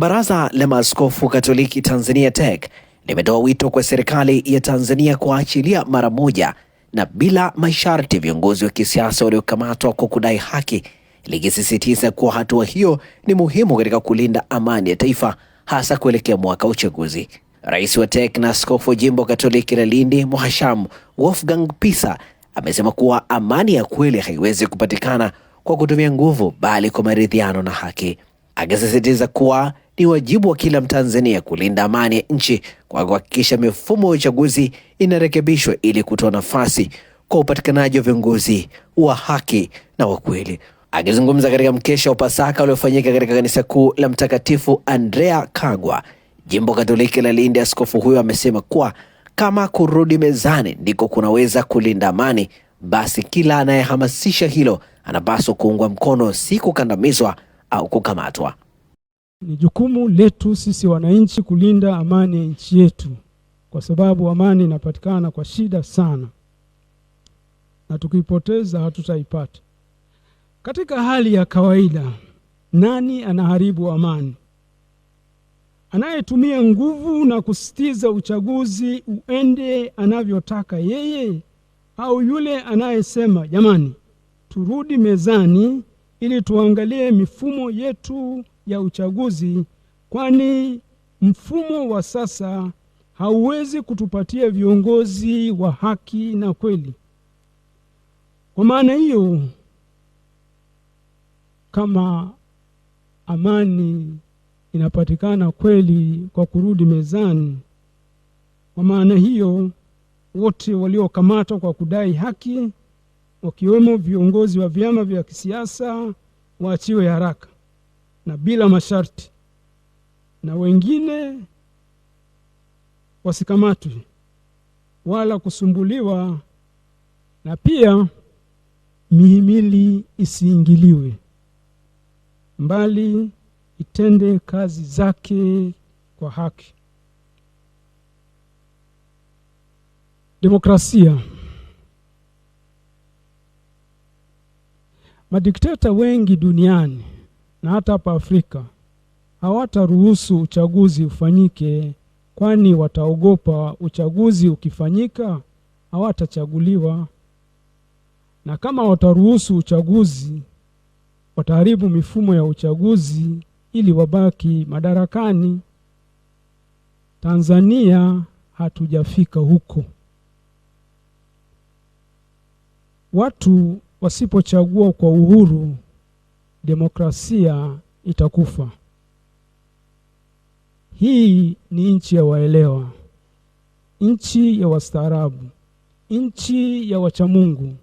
Baraza la Maaskofu Katoliki Tanzania TEC limetoa wito kwa serikali ya Tanzania kuachilia mara moja na bila masharti viongozi wa kisiasa waliokamatwa kwa kudai haki, likisisitiza kuwa hatua hiyo ni muhimu katika kulinda amani ya taifa, hasa kuelekea mwaka wa uchaguzi. Rais wa TEC na askofu wa jimbo Katoliki la Lindi Mhashamu Wolfgang Pisa amesema kuwa amani ya kweli haiwezi kupatikana kwa kutumia nguvu, bali kwa maridhiano na haki akisisitiza kuwa ni wajibu wa kila Mtanzania kulinda amani ya nchi kwa kuhakikisha mifumo ya uchaguzi inarekebishwa ili kutoa nafasi kwa upatikanaji wa viongozi wa haki na wa kweli. Akizungumza katika mkesha wa Pasaka uliofanyika katika kanisa kuu la Mtakatifu Andrea Kagwa, jimbo Katoliki la Lindi, askofu huyo amesema kuwa kama kurudi mezani ndiko kunaweza kulinda amani, basi kila anayehamasisha hilo anapaswa kuungwa mkono, si kukandamizwa au kukamatwa. Ni jukumu letu sisi wananchi kulinda amani ya nchi yetu, kwa sababu amani inapatikana kwa shida sana, na tukiipoteza hatutaipata. Katika hali ya kawaida, nani anaharibu amani? Anayetumia nguvu na kusitiza uchaguzi uende anavyotaka yeye, au yule anayesema jamani, turudi mezani ili tuangalie mifumo yetu ya uchaguzi, kwani mfumo wa sasa hauwezi kutupatia viongozi wa haki na kweli. Kwa maana hiyo, kama amani inapatikana kweli kwa kurudi mezani, kwa maana hiyo wote waliokamatwa kwa kudai haki wakiwemo viongozi wa vyama vya kisiasa waachiwe haraka na bila masharti, na wengine wasikamatwe wala kusumbuliwa, na pia mihimili isiingiliwe, mbali itende kazi zake kwa haki. Demokrasia Madikteta wengi duniani na hata hapa Afrika hawataruhusu uchaguzi ufanyike, kwani wataogopa uchaguzi ukifanyika hawatachaguliwa, na kama wataruhusu uchaguzi wataharibu mifumo ya uchaguzi ili wabaki madarakani. Tanzania hatujafika huko. Watu wasipochagua kwa uhuru, demokrasia itakufa. Hii ni nchi ya waelewa, nchi ya wastaarabu, nchi ya wachamungu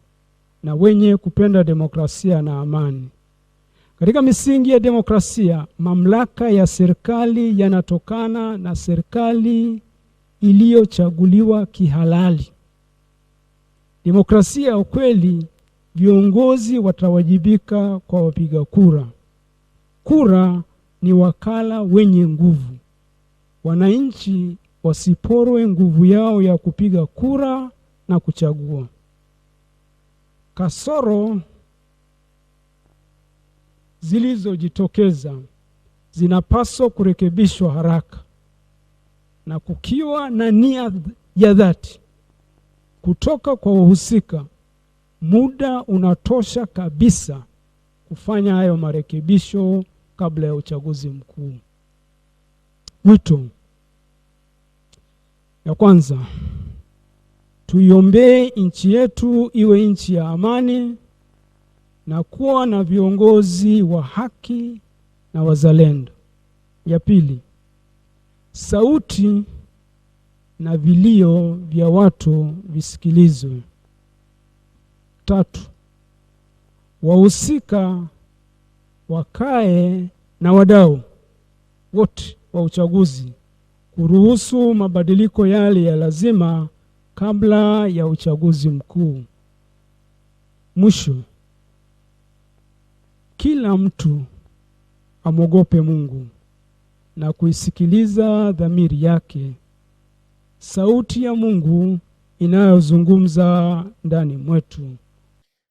na wenye kupenda demokrasia na amani. Katika misingi ya demokrasia, mamlaka ya serikali yanatokana na serikali iliyochaguliwa kihalali. Demokrasia ya ukweli viongozi watawajibika kwa wapiga kura. Kura ni wakala wenye nguvu. Wananchi wasiporwe nguvu yao ya kupiga kura na kuchagua. Kasoro zilizojitokeza zinapaswa kurekebishwa haraka, na kukiwa na nia ya dhati kutoka kwa wahusika muda unatosha kabisa kufanya hayo marekebisho kabla ya uchaguzi mkuu. Wito ya kwanza, tuiombee nchi yetu iwe nchi ya amani na kuwa na viongozi wa haki na wazalendo. Ya pili, sauti na vilio vya watu visikilizwe tatu, wahusika wakae na wadau wote wa uchaguzi kuruhusu mabadiliko yale ya lazima kabla ya uchaguzi mkuu. Mwisho, kila mtu amwogope Mungu na kuisikiliza dhamiri yake, sauti ya Mungu inayozungumza ndani mwetu.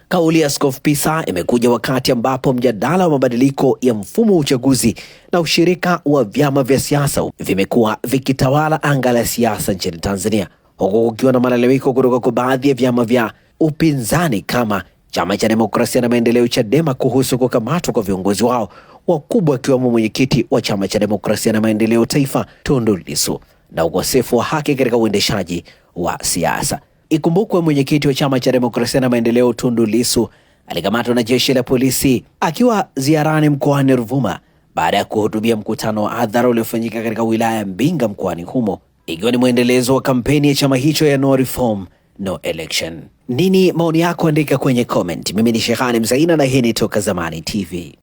Kauli ya Askofu Pisa imekuja wakati ambapo mjadala wa mabadiliko ya mfumo wa uchaguzi na ushirika wa vyama vya siasa vimekuwa vikitawala anga la siasa nchini Tanzania, huku kukiwa na malalamiko kutoka kwa baadhi ya vyama vya upinzani kama Chama cha Demokrasia na Maendeleo, Chadema, kuhusu kukamatwa kwa viongozi wao wakubwa akiwemo mwenyekiti wa Chama cha Demokrasia na Maendeleo Taifa, Tundu Lissu, na ukosefu wa haki katika uendeshaji wa siasa. Ikumbukwe mwenyekiti wa chama cha demokrasia na maendeleo Tundu Lisu alikamatwa na jeshi la polisi akiwa ziarani mkoani Ruvuma baada ya kuhutubia mkutano wa hadhara uliofanyika katika wilaya ya Mbinga mkoani humo, ikiwa ni mwendelezo wa kampeni ya chama hicho ya no reform no election. Nini maoni yako? Andika kwenye comment. Mimi ni Shehani Mzaina na hii ni Toka Zamani TV.